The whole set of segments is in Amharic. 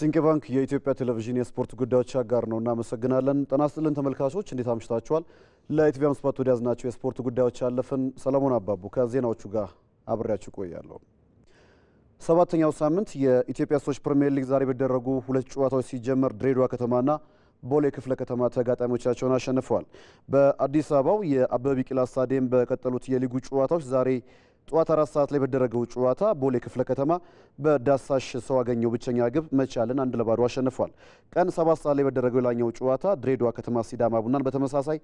ሲንቄ ባንክ የኢትዮጵያ ቴሌቪዥን የስፖርት ጉዳዮች አጋር ነው። እናመሰግናለን። ጤና ይስጥልን ተመልካቾች፣ እንዴት አምሽታችኋል? ለኢትዮጵያ ስፖርት ስፓት ወደ ያዝናቸው የስፖርት ጉዳዮች ያለፍን። ሰለሞን አባቡ ከዜናዎቹ ጋር አብሬያችሁ ቆያለሁ። ሰባተኛው ሳምንት የኢትዮጵያ ሴቶች ፕሪሚየር ሊግ ዛሬ በደረጉ ሁለት ጨዋታዎች ሲጀመር ድሬዳዋ ከተማና ቦሌ ክፍለ ከተማ ተጋጣሚዎቻቸውን አሸንፈዋል። በአዲስ አበባው የአበበ ቢቂላ ስታዲየም በቀጠሉት የሊጉ ጨዋታዎች ዛሬ ጠዋት አራት ሰዓት ላይ በደረገው ጨዋታ ቦሌ ክፍለ ከተማ በዳሳሽ ሰው አገኘው ብቸኛ ግብ መቻልን አንድ ለባዶ አሸንፏል። ቀን ሰባት ሰዓት ላይ በደረገው ሌላኛው ጨዋታ ድሬዳዋ ከተማ ሲዳማ ቡናን በተመሳሳይ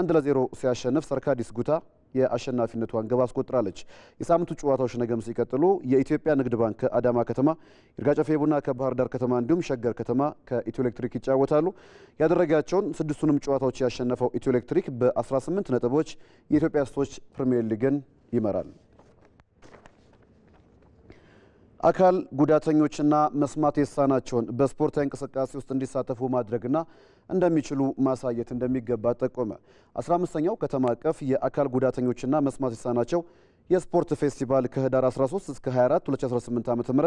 አንድ ለዜሮ ሲያሸንፍ ሰርካዲስ ጉታ የአሸናፊነቷን ግብ አስቆጥራለች። የሳምንቱ ጨዋታዎች ነገም ሲቀጥሉ የኢትዮጵያ ንግድ ባንክ አዳማ ከተማ፣ ይርጋጨፌ ቡና ከባህር ዳር ከተማ እንዲሁም ሸገር ከተማ ከኢትዮ ኤሌክትሪክ ይጫወታሉ። ያደረጋቸውን ስድስቱንም ጨዋታዎች ያሸነፈው ኢትዮ ኤሌክትሪክ በ18 ነጥቦች የኢትዮጵያ ስቶች ፕሪምየር ሊግን ይመራል። አካል ጉዳተኞችና መስማት የተሳናቸውን በስፖርታዊ እንቅስቃሴ ውስጥ እንዲሳተፉ ማድረግና እንደሚችሉ ማሳየት እንደሚገባ ጠቆመ። 15ኛው ከተማ አቀፍ የአካል ጉዳተኞችና መስማት የተሳናቸው የስፖርት ፌስቲቫል ከህዳር 13 እስከ 24 2018 ዓ.ም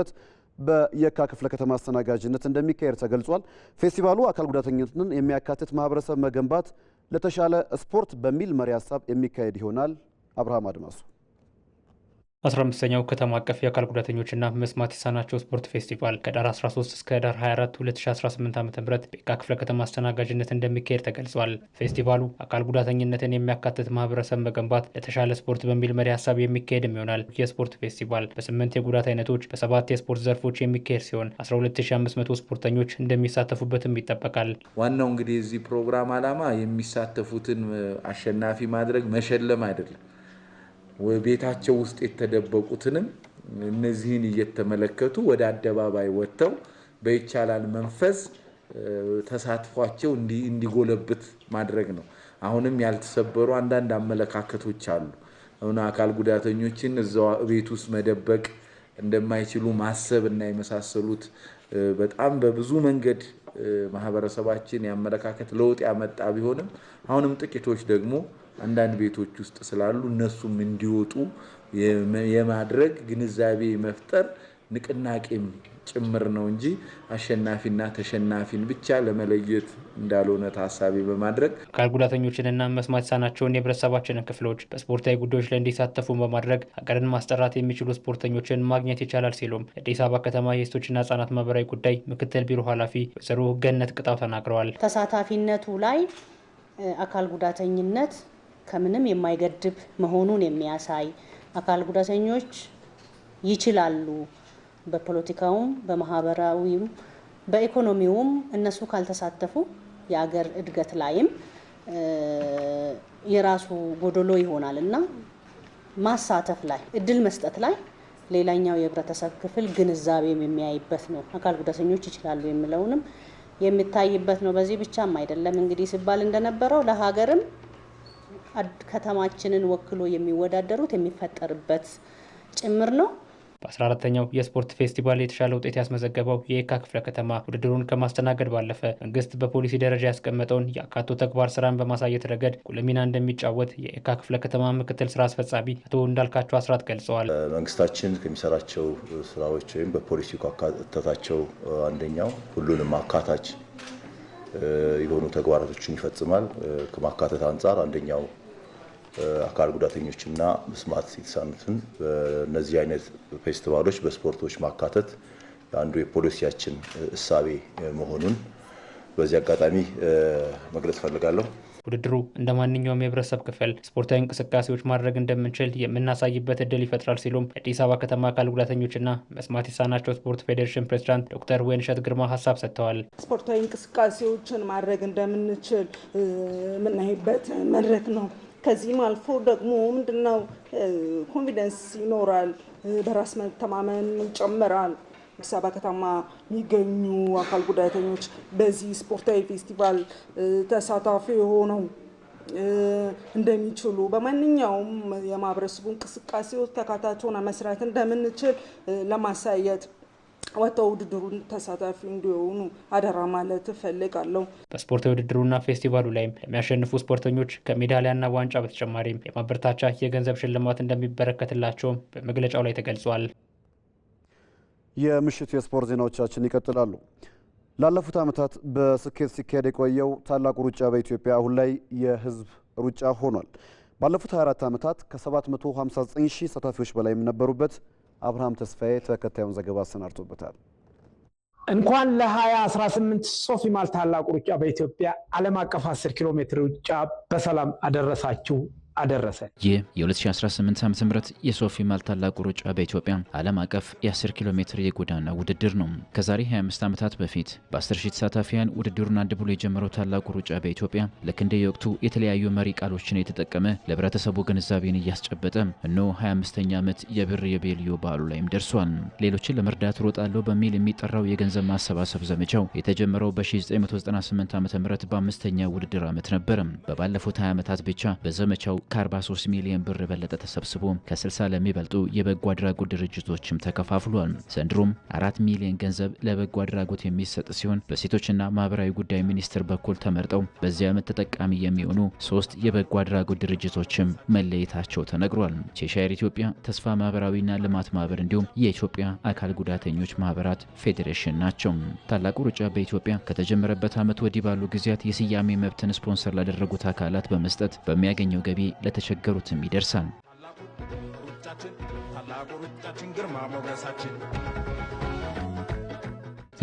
በየካ ክፍለ ከተማ አስተናጋጅነት እንደሚካሄድ ተገልጿል። ፌስቲቫሉ አካል ጉዳተኞችን የሚያካትት ማህበረሰብ መገንባት ለተሻለ ስፖርት በሚል መሪ ሀሳብ የሚካሄድ ይሆናል። አብርሃም አድማሱ 15ኛው ከተማ አቀፍ የአካል ጉዳተኞችና መስማት የተሳናቸው ስፖርት ፌስቲቫል ከዳር 13 እስከ ዳር 24 2018 ዓ ም በየካ ክፍለ ከተማ አስተናጋጅነት እንደሚካሄድ ተገልጿል። ፌስቲቫሉ አካል ጉዳተኝነትን የሚያካትት ማህበረሰብ መገንባት ለተሻለ ስፖርት በሚል መሪ ሀሳብ የሚካሄድም ይሆናል። የስፖርት ፌስቲቫል በስምንት የጉዳት አይነቶች በሰባት የስፖርት ዘርፎች የሚካሄድ ሲሆን 12500 ስፖርተኞች እንደሚሳተፉበትም ይጠበቃል። ዋናው እንግዲህ የዚህ ፕሮግራም ዓላማ የሚሳተፉትን አሸናፊ ማድረግ መሸለም አይደለም ቤታቸው ውስጥ የተደበቁትንም እነዚህን እየተመለከቱ ወደ አደባባይ ወጥተው በይቻላል መንፈስ ተሳትፏቸው እንዲጎለብት ማድረግ ነው። አሁንም ያልተሰበሩ አንዳንድ አመለካከቶች አሉ። አሁን አካል ጉዳተኞችን እዛው ቤት ውስጥ መደበቅ እንደማይችሉ ማሰብ እና የመሳሰሉት በጣም በብዙ መንገድ ማህበረሰባችን የአመለካከት ለውጥ ያመጣ ቢሆንም አሁንም ጥቂቶች ደግሞ አንዳንድ ቤቶች ውስጥ ስላሉ እነሱም እንዲወጡ የማድረግ ግንዛቤ መፍጠር ንቅናቄም ጭምር ነው እንጂ አሸናፊና ተሸናፊን ብቻ ለመለየት እንዳልሆነ ታሳቢ በማድረግ አካል ጉዳተኞችንና መስማት የተሳናቸውን የህብረተሰባችንን ክፍሎች በስፖርታዊ ጉዳዮች ላይ እንዲሳተፉ በማድረግ ሀገርን ማስጠራት የሚችሉ ስፖርተኞችን ማግኘት ይቻላል ሲሉም የአዲስ አበባ ከተማ የሴቶችና ህጻናት ማህበራዊ ጉዳይ ምክትል ቢሮ ኃላፊ ወይዘሮ ገነት ቅጣው ተናግረዋል። ተሳታፊነቱ ላይ አካል ጉዳተኝነት ከምንም የማይገድብ መሆኑን የሚያሳይ አካል ጉዳተኞች ይችላሉ፣ በፖለቲካውም፣ በማህበራዊም፣ በኢኮኖሚውም እነሱ ካልተሳተፉ የአገር እድገት ላይም የራሱ ጎዶሎ ይሆናል እና ማሳተፍ ላይ እድል መስጠት ላይ ሌላኛው የህብረተሰብ ክፍል ግንዛቤም የሚያይበት ነው። አካል ጉዳተኞች ይችላሉ የሚለውንም የሚታይበት ነው። በዚህ ብቻም አይደለም እንግዲህ ሲባል እንደነበረው ለሀገርም ከተማችንን ወክሎ የሚወዳደሩት የሚፈጠርበት ጭምር ነው። በ14ተኛው የስፖርት ፌስቲቫል የተሻለ ውጤት ያስመዘገበው የየካ ክፍለ ከተማ ውድድሩን ከማስተናገድ ባለፈ መንግስት በፖሊሲ ደረጃ ያስቀመጠውን የአካቶ ተግባር ስራን በማሳየት ረገድ ጉልህ ሚና እንደሚጫወት የየካ ክፍለ ከተማ ምክትል ስራ አስፈጻሚ አቶ እንዳልካቸው አስራት ገልጸዋል። መንግስታችን ከሚሰራቸው ስራዎች ወይም በፖሊሲ ካካተታቸው አንደኛው ሁሉንም አካታች የሆኑ ተግባራቶችን ይፈጽማል። ከማካተት አንጻር አንደኛው አካል ጉዳተኞችና መስማት የተሳኑትን በእነዚህ አይነት ፌስቲቫሎች በስፖርቶች ማካተት አንዱ የፖሊሲያችን እሳቤ መሆኑን በዚህ አጋጣሚ መግለጽ ፈልጋለሁ። ውድድሩ እንደ ማንኛውም የህብረተሰብ ክፍል ስፖርታዊ እንቅስቃሴዎች ማድረግ እንደምንችል የምናሳይበት እድል ይፈጥራል ሲሉም የአዲስ አበባ ከተማ አካል ጉዳተኞችና መስማት የተሳናቸው ስፖርት ፌዴሬሽን ፕሬዚዳንት ዶክተር ወይንሸት ግርማ ሀሳብ ሰጥተዋል። ስፖርታዊ እንቅስቃሴዎችን ማድረግ እንደምንችል የምናይበት መድረክ ነው። ከዚህም አልፎ ደግሞ ምንድነው ኮንፊደንስ ይኖራል፣ በራስ መተማመን ይጨምራል። አዲስ አበባ ከተማ የሚገኙ አካል ጉዳተኞች በዚህ ስፖርታዊ ፌስቲቫል ተሳታፊ የሆነው እንደሚችሉ በማንኛውም የማህበረሰቡ እንቅስቃሴ ተካታች መስራት እንደምንችል ለማሳየት ወጥተው ውድድሩን ተሳታፊ እንዲሆኑ አደራ ማለት እፈልጋለሁ። በስፖርት ውድድሩና ፌስቲቫሉ ላይም ለሚያሸንፉ ስፖርተኞች ከሜዳሊያና ዋንጫ በተጨማሪም የማበረታቻ የገንዘብ ሽልማት እንደሚበረከትላቸውም በመግለጫው ላይ ተገልጿል። የምሽት የስፖርት ዜናዎቻችን ይቀጥላሉ። ላለፉት ዓመታት በስኬት ሲካሄድ የቆየው ታላቁ ሩጫ በኢትዮጵያ አሁን ላይ የህዝብ ሩጫ ሆኗል። ባለፉት 24 ዓመታት ከ759 ሺህ ተሳታፊዎች በላይ ነበሩበት። አብርሃም ተስፋዬ ተከታዩን ዘገባ አሰናድቶበታል። እንኳን ለ2018 ሶፊ ማል ታላቁ ሩጫ በኢትዮጵያ ዓለም አቀፍ 10 ኪሎ ሜትር ሩጫ በሰላም አደረሳችሁ። አደረሰ። ይህ የ2018 ዓ ም የሶፊ ማል ታላቁ ሩጫ በኢትዮጵያ ዓለም አቀፍ የ10 ኪሎ ሜትር የጎዳና ውድድር ነው። ከዛሬ 25 ዓመታት በፊት በ10 ሺህ ተሳታፊያን ውድድሩን አንድ ብሎ የጀመረው ታላቁ ሩጫ በኢትዮጵያ ልክ እንደ የወቅቱ የተለያዩ መሪ ቃሎችን የተጠቀመ ለህብረተሰቡ ግንዛቤን እያስጨበጠ እነሆ 25ኛ ዓመት የብር የቤልዮ በዓሉ ላይም ደርሷል። ሌሎችን ለመርዳት ሮጣለሁ በሚል የሚጠራው የገንዘብ ማሰባሰብ ዘመቻው የተጀመረው በ1998 ዓ ም በአምስተኛ ውድድር ዓመት ነበረ። በባለፉት 20 ዓመታት ብቻ በዘመቻው ከ43 ሚሊዮን ብር በለጠ ተሰብስቦ ከ60 ለሚበልጡ የበጎ አድራጎት ድርጅቶችም ተከፋፍሏል። ዘንድሮም አራት ሚሊዮን ገንዘብ ለበጎ አድራጎት የሚሰጥ ሲሆን በሴቶችና ማህበራዊ ጉዳይ ሚኒስቴር በኩል ተመርጠው በዚህ ዓመት ተጠቃሚ የሚሆኑ ሶስት የበጎ አድራጎት ድርጅቶችም መለየታቸው ተነግሯል። ቼሻየር ኢትዮጵያ፣ ተስፋ ማህበራዊና ልማት ማህበር እንዲሁም የኢትዮጵያ አካል ጉዳተኞች ማህበራት ፌዴሬሽን ናቸው። ታላቁ ሩጫ በኢትዮጵያ ከተጀመረበት ዓመት ወዲህ ባሉ ጊዜያት የስያሜ መብትን ስፖንሰር ላደረጉት አካላት በመስጠት በሚያገኘው ገቢ ለተቸገሩትም ይደርሳል።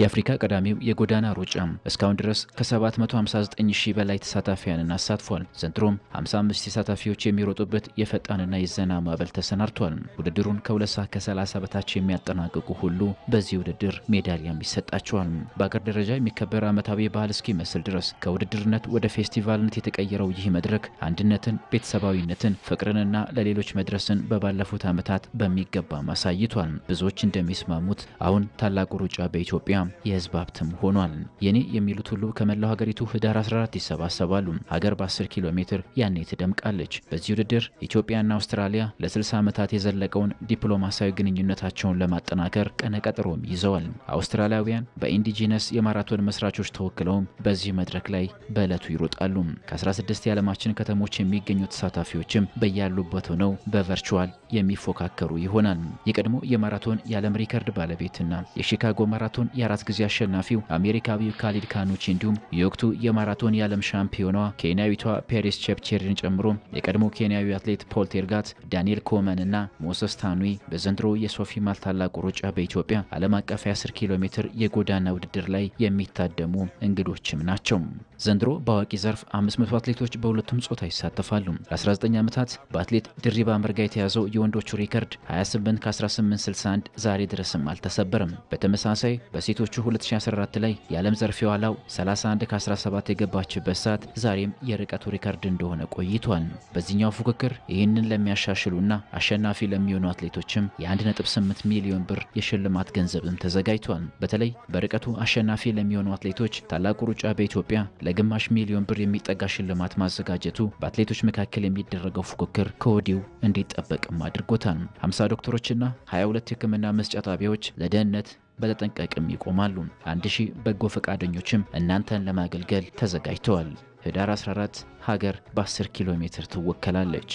የአፍሪካ ቀዳሚው የጎዳና ሩጫ እስካሁን ድረስ ከ759 ሺህ በላይ ተሳታፊያንን አሳትፏል። ዘንድሮም 55 ተሳታፊዎች የሚሮጡበት የፈጣንና የዘና ማዕበል ተሰናድቷል። ውድድሩን ከ2 ሰዓት ከ30 በታች የሚያጠናቅቁ ሁሉ በዚህ ውድድር ሜዳሊያም ይሰጣቸዋል። በአገር ደረጃ የሚከበር ዓመታዊ ባህል እስኪመስል ድረስ ከውድድርነት ወደ ፌስቲቫልነት የተቀየረው ይህ መድረክ አንድነትን፣ ቤተሰባዊነትን፣ ፍቅርንና ለሌሎች መድረስን በባለፉት ዓመታት በሚገባ ማሳይቷል። ብዙዎች እንደሚስማሙት አሁን ታላቁ ሩጫ በኢትዮጵያ የህዝብ ሀብትም ሆኗል። የኔ የሚሉት ሁሉ ከመላው ሀገሪቱ ህዳር 14 ይሰባሰባሉ። ሀገር በ10 ኪሎ ሜትር ያኔ ትደምቃለች። በዚህ ውድድር ኢትዮጵያና አውስትራሊያ ለ60 ዓመታት የዘለቀውን ዲፕሎማሲያዊ ግንኙነታቸውን ለማጠናከር ቀነቀጥሮም ይዘዋል። አውስትራሊያውያን በኢንዲጂነስ የማራቶን መስራቾች ተወክለውም በዚህ መድረክ ላይ በዕለቱ ይሮጣሉ። ከ16 የዓለማችን ከተሞች የሚገኙ ተሳታፊዎችም በያሉበት ሆነው በቨርቹዋል የሚፎካከሩ ይሆናል። የቀድሞ የማራቶን የዓለም ሪከርድ ባለቤትና የሺካጎ ማራቶን የአራት ጊዜ አሸናፊው አሜሪካዊው ካሊድ ካኑቺ እንዲሁም የወቅቱ የማራቶን የዓለም ሻምፒዮኗ ኬንያዊቷ ፔሪስ ቼፕቼርን ጨምሮ የቀድሞ ኬንያዊ አትሌት ፖል ቴርጋት፣ ዳንኤል ኮመን እና ሞሰስ ታኑዊ በዘንድሮ የሶፊ ማል ታላቁ ሩጫ በኢትዮጵያ ዓለም አቀፍ 10 ኪሎ ሜትር የጎዳና ውድድር ላይ የሚታደሙ እንግዶችም ናቸው። ዘንድሮ በአዋቂ ዘርፍ 500 አትሌቶች በሁለቱም ጾታ ይሳተፋሉ። ለ19 ዓመታት በአትሌት ድሪባ መርጋ የተያዘው የወንዶቹ ሪከርድ 28 ከ1861 ዛሬ ድረስም አልተሰበረም። በተመሳሳይ በሴቶቹ 2014 ላይ የዓለም ዘርፌ ዋላው 31 ከ17 የገባችበት ሰዓት ዛሬም የርቀቱ ሪከርድ እንደሆነ ቆይቷል። በዚህኛው ፉክክር ይህንን ለሚያሻሽሉና አሸናፊ ለሚሆኑ አትሌቶችም የ1.8 ሚሊዮን ብር የሽልማት ገንዘብም ተዘጋጅቷል። በተለይ በርቀቱ አሸናፊ ለሚሆኑ አትሌቶች ታላቁ ሩጫ በኢትዮጵያ ለግማሽ ሚሊዮን ብር የሚጠጋ ሽልማት ማዘጋጀቱ በአትሌቶች መካከል የሚደረገው ፉክክር ከወዲሁ እንዲጠበቅም አድርጎታል። 50 ዶክተሮችና 22 የህክምና መስጫ ጣቢያዎች ለደህንነት በተጠንቀቅም ይቆማሉ። አንድ ሺህ በጎ ፈቃደኞችም እናንተን ለማገልገል ተዘጋጅተዋል። ህዳር 14 ሀገር በ10 ኪሎ ሜትር ትወከላለች።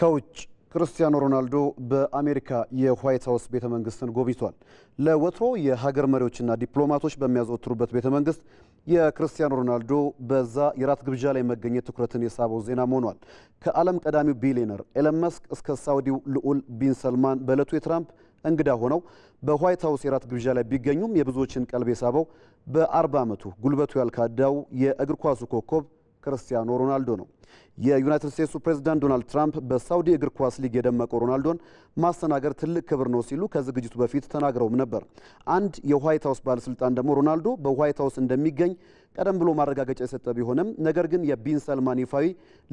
ከውጭ ክርስቲያኖ ሮናልዶ በአሜሪካ የዋይት ሀውስ ቤተ መንግስትን ጎብኝቷል። ለወትሮ የሀገር መሪዎችና ዲፕሎማቶች በሚያዘወትሩበት ቤተ መንግስት የክርስቲያኖ ሮናልዶ በዛ የራት ግብዣ ላይ መገኘት ትኩረትን የሳበው ዜና ሆኗል። ከዓለም ቀዳሚው ቢሊዮነር ኤለን መስክ እስከ ሳውዲው ልዑል ቢን ሰልማን በዕለቱ የትራምፕ እንግዳ ሆነው በዋይት ሀውስ የራት ግብዣ ላይ ቢገኙም የብዙዎችን ቀልብ የሳበው በ40 ዓመቱ ጉልበቱ ያልካዳው የእግር ኳሱ ኮከብ ክርስቲያኖ ሮናልዶ ነው። የዩናይትድ ስቴትሱ ፕሬዝዳንት ዶናልድ ትራምፕ በሳውዲ እግር ኳስ ሊግ የደመቀው ሮናልዶን ማስተናገድ ትልቅ ክብር ነው ሲሉ ከዝግጅቱ በፊት ተናግረውም ነበር። አንድ የዋይት ሀውስ ባለስልጣን ደግሞ ሮናልዶ በዋይት ሀውስ እንደሚገኝ ቀደም ብሎ ማረጋገጫ የሰጠ ቢሆንም ነገር ግን የቢን ሰልማን ይፋዊ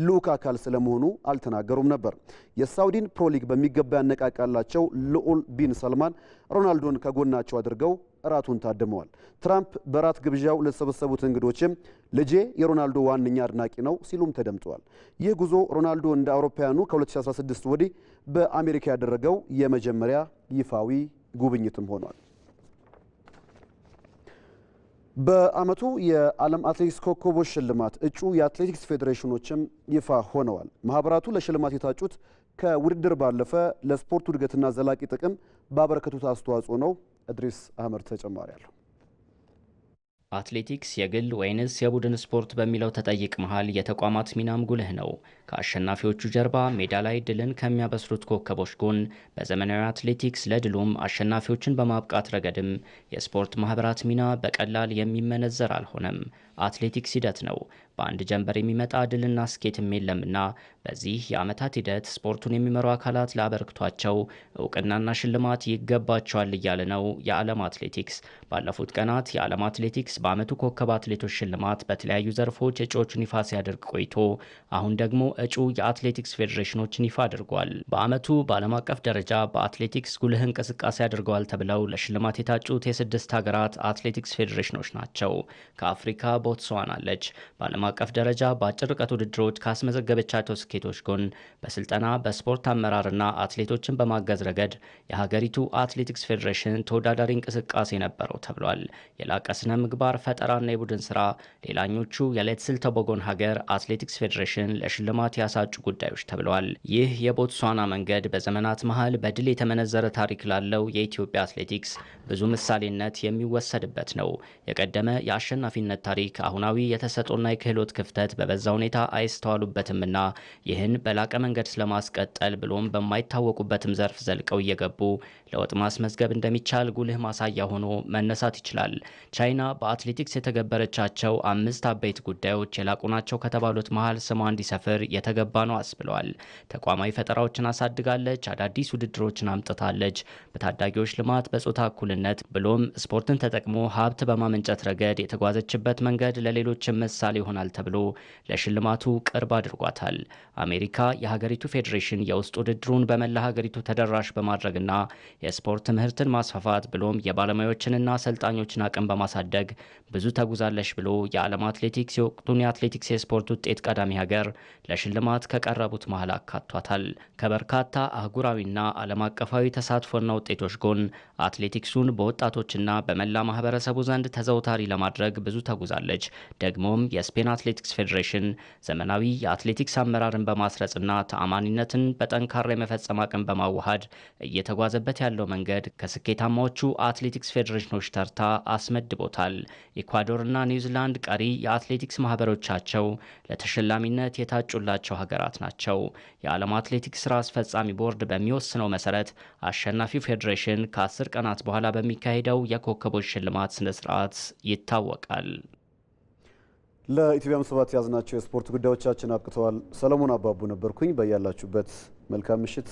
ልዑክ አካል ስለመሆኑ አልተናገሩም ነበር። የሳውዲን ፕሮሊግ በሚገባ ያነቃቃላቸው ልዑል ቢን ሰልማን ሮናልዶን ከጎናቸው አድርገው እራቱን ታድመዋል። ትራምፕ በራት ግብዣው ለተሰበሰቡት እንግዶችም ልጄ የሮናልዶ ዋነኛ አድናቂ ነው ሲሉም ተደምጠዋል። ይህ ጉዞ ሮናልዶ እንደ አውሮፓውያኑ ከ2016 ወዲህ በአሜሪካ ያደረገው የመጀመሪያ ይፋዊ ጉብኝትም ሆኗል። በዓመቱ የዓለም አትሌቲክስ ኮከቦች ሽልማት እጩ የአትሌቲክስ ፌዴሬሽኖችም ይፋ ሆነዋል። ማህበራቱ ለሽልማት የታጩት ከውድድር ባለፈ ለስፖርቱ እድገትና ዘላቂ ጥቅም ባበረከቱት አስተዋጽኦ ነው እድሪስ አህመድ ተጨማሪ አለው። አትሌቲክስ የግል ወይንስ የቡድን ስፖርት በሚለው ተጠይቅ መሃል የተቋማት ሚናም ጉልህ ነው። ከአሸናፊዎቹ ጀርባ ሜዳ ላይ ድልን ከሚያበስሩት ኮከቦች ጎን በዘመናዊ አትሌቲክስ ለድሉም አሸናፊዎችን በማብቃት ረገድም የስፖርት ማህበራት ሚና በቀላል የሚመነዘር አልሆነም። አትሌቲክስ ሂደት ነው። በአንድ ጀንበር የሚመጣ ድልና ስኬትም የለምና በዚህ የዓመታት ሂደት ስፖርቱን የሚመሩ አካላት ላበርክቷቸው እውቅናና ሽልማት ይገባቸዋል እያለ ነው የዓለም አትሌቲክስ። ባለፉት ቀናት የዓለም አትሌቲክስ በዓመቱ ኮከብ አትሌቶች ሽልማት በተለያዩ ዘርፎች እጩዎቹን ይፋ ሲያደርግ ቆይቶ አሁን ደግሞ እጩ የአትሌቲክስ ፌዴሬሽኖችን ይፋ አድርጓል። በዓመቱ በዓለም አቀፍ ደረጃ በአትሌቲክስ ጉልህ እንቅስቃሴ አድርገዋል ተብለው ለሽልማት የታጩት የስድስት ሀገራት አትሌቲክስ ፌዴሬሽኖች ናቸው። ከአፍሪካ ቦትስዋና አለች። በዓለም በዓለም አቀፍ ደረጃ በአጭር ርቀት ውድድሮች ካስመዘገበቻቸው ስኬቶች ጎን በስልጠና በስፖርት አመራርና አትሌቶችን በማገዝ ረገድ የሀገሪቱ አትሌቲክስ ፌዴሬሽን ተወዳዳሪ እንቅስቃሴ ነበረው ተብሏል። የላቀ ስነ ምግባር ፈጠራና የቡድን ስራ ሌላኞቹ የሌትስል ተቦጎን ሀገር አትሌቲክስ ፌዴሬሽን ለሽልማት ያሳጩ ጉዳዮች ተብለዋል። ይህ የቦትስዋና መንገድ በዘመናት መሀል በድል የተመነዘረ ታሪክ ላለው የኢትዮጵያ አትሌቲክስ ብዙ ምሳሌነት የሚወሰድበት ነው። የቀደመ የአሸናፊነት ታሪክ አሁናዊ የተሰጦና የክህል የክህሎት ክፍተት በበዛ ሁኔታ አይስተዋሉበትምና ይህን በላቀ መንገድ ስለማስቀጠል ብሎም በማይታወቁበትም ዘርፍ ዘልቀው እየገቡ ለውጥ ማስመዝገብ እንደሚቻል ጉልህ ማሳያ ሆኖ መነሳት ይችላል። ቻይና በአትሌቲክስ የተገበረቻቸው አምስት አበይት ጉዳዮች የላቁ ናቸው ከተባሉት መሀል ስሟ እንዲሰፍር የተገባ ነው አስብለዋል። ተቋማዊ ፈጠራዎችን አሳድጋለች፣ አዳዲስ ውድድሮችን አምጥታለች። በታዳጊዎች ልማት፣ በጾታ እኩልነት ብሎም ስፖርትን ተጠቅሞ ሀብት በማመንጨት ረገድ የተጓዘችበት መንገድ ለሌሎችም ምሳሌ ይሆናል ይሆናል ተብሎ ለሽልማቱ ቅርብ አድርጓታል። አሜሪካ የሀገሪቱ ፌዴሬሽን የውስጥ ውድድሩን በመላ ሀገሪቱ ተደራሽ በማድረግና የስፖርት ትምህርትን ማስፋፋት ብሎም የባለሙያዎችንና አሰልጣኞችን አቅም በማሳደግ ብዙ ተጉዛለሽ ብሎ የዓለም አትሌቲክስ የወቅቱን የአትሌቲክስ የስፖርት ውጤት ቀዳሚ ሀገር ለሽልማት ከቀረቡት መሀል አካቷታል። ከበርካታ አህጉራዊና ዓለም አቀፋዊ ተሳትፎና ውጤቶች ጎን አትሌቲክሱን በወጣቶችና በመላ ማህበረሰቡ ዘንድ ተዘውታሪ ለማድረግ ብዙ ተጉዛለች። ደግሞም የስፔን አትሌቲክስ ፌዴሬሽን ዘመናዊ የአትሌቲክስ አመራርን በማስረጽና ተአማኒነትን በጠንካራ የመፈጸም አቅም በማዋሃድ እየተጓዘበት ያለው መንገድ ከስኬታማዎቹ አትሌቲክስ ፌዴሬሽኖች ተርታ አስመድቦታል። ኢኳዶርና ኒውዚላንድ ቀሪ የአትሌቲክስ ማህበሮቻቸው ለተሸላሚነት የታጩላቸው ሀገራት ናቸው። የዓለም አትሌቲክስ ስራ አስፈጻሚ ቦርድ በሚወስነው መሰረት አሸናፊው ፌዴሬሽን ከአስር ቀናት በኋላ በሚካሄደው የኮከቦች ሽልማት ስነ ስርዓት ይታወቃል። ለኢትዮጵያ ምናልባት ያዝናቸው የስፖርት ጉዳዮቻችን አብቅተዋል። ሰለሞን አባቡ ነበርኩኝ። በያላችሁበት መልካም ምሽት